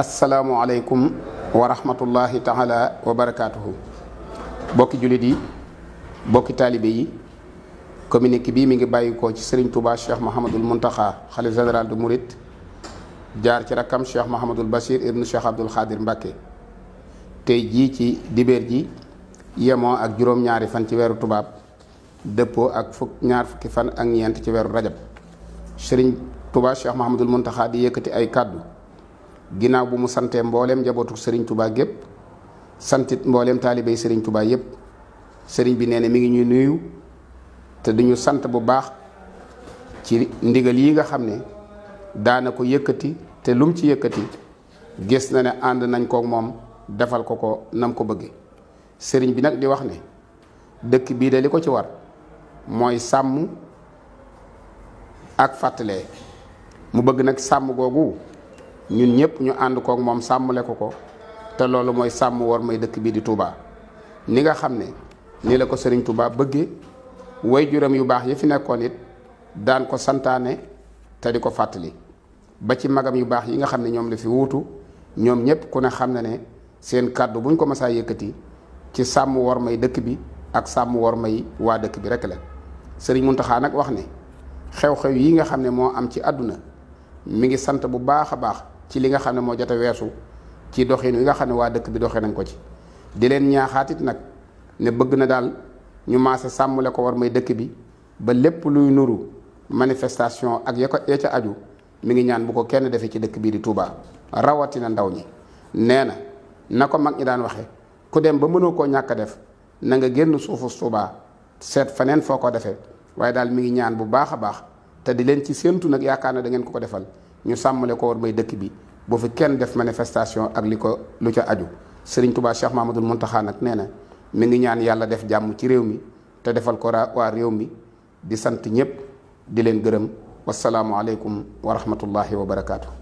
asalaamualeykum wa rahmatullahi taala wa barakaatuhu bokki jullit yi bokki taalibe yi communiqué bii mi ngi bàyyikoo ci Serigne Touba Cheikh Mouhamadul Mountakha xalif général de Mouride jaar ci rakkam Cheikh Mouhamadul Bachir ibnu Cheikh Abdoul Khadir Mbacke tey jii ci dibeer ji yemoo ak juróom-ñaari fan ci weeru tubaab dëppoo ak fukk ñaar fukki fan ak ñeent ci weeru rajab Serigne Touba Cheikh Mouhamadul Mountakha di yëkkati ay kàddu ginnaaw bu mu santee mbooleem njabootu sëriñ tubaa gépp santit mbooleem taalibey sëriñ tubaa yépp sëriñ bi nee na mi ngi ñuy nuyu te duñu sant bu baax ci ndigal yi nga xam ne daana ko yëkkati te lum ci yëkkati gis na ne ànd nañ kook moom defal ko ko nam ko bëgge sëriñ bi nag di wax ne dëkk bii de li ko ci war mooy sàmm ak fàttale mu bëgg nag sàmm googu ñun ñëpp ñu ànd kook moom sàmmale ko ko te loolu mooy sàmm war may dëkk bii di Touba ni nga xam ne ni la ko Serigne Touba bëggee way juram yu baax yi fi nekkoon it daan ko santaane te di ko fàttali ba ci magam yu baax yi nga xam ne ñoom la fi wuutu ñoom ñëpp ku ne xam na ne seen kàddu buñ ko masaa yëkkati ci sàmm war may dëkk bi ak sàmm war may waa dëkk bi rek la sëriñ Serigne Mountakha nag wax ne xew-xew yi nga xam ne moo am ci àdduna mi ngi sant bu baax a baax. ci li nga xam ne moo jot a weesu ci doxin wi nga xam ne waa dëkk bi doxee nañ ko ci di leen ñaaxaatit nag ne bëgg na daal ñu maase sàmmule ko war may dëkk bi ba lépp luy nuru manifestation ak ya ko ya ca aju mi ngi ñaan bu ko kenn defee ci dëkk bii di Touba rawatina ndaw ñi nee na na ko mag ñi daan waxe ku dem ba mënoo koo ñàkk a def na nga génn suufu Touba seet faneen foo ko defee waaye daal mi ngi ñaan bu baax a baax te di leen ci séentu nag yaakaar na da ngeen ko ko defal ñu sàmmale ko war may dëkk bi boo fi kenn def manifestation ak li ko lu ci aju sëriñ Touba Cheikh Mamadou Mountakha nag nee na mi ngi ñaan yàlla def jàmm ci réew mi te defal ko waa réew mi di sant ñëpp di leen gërëm wasalaamualeykum wa rahmatullahi wa barakaatu.